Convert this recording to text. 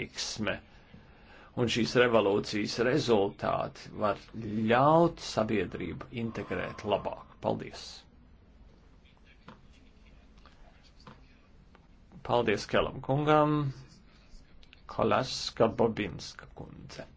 izteiksme. Un šīs revolūcijas rezultāti var ļaut sabiedrību integrēt labāk. Paldies! Paldies Kelam kungam, Kolaska Bobinska kundze.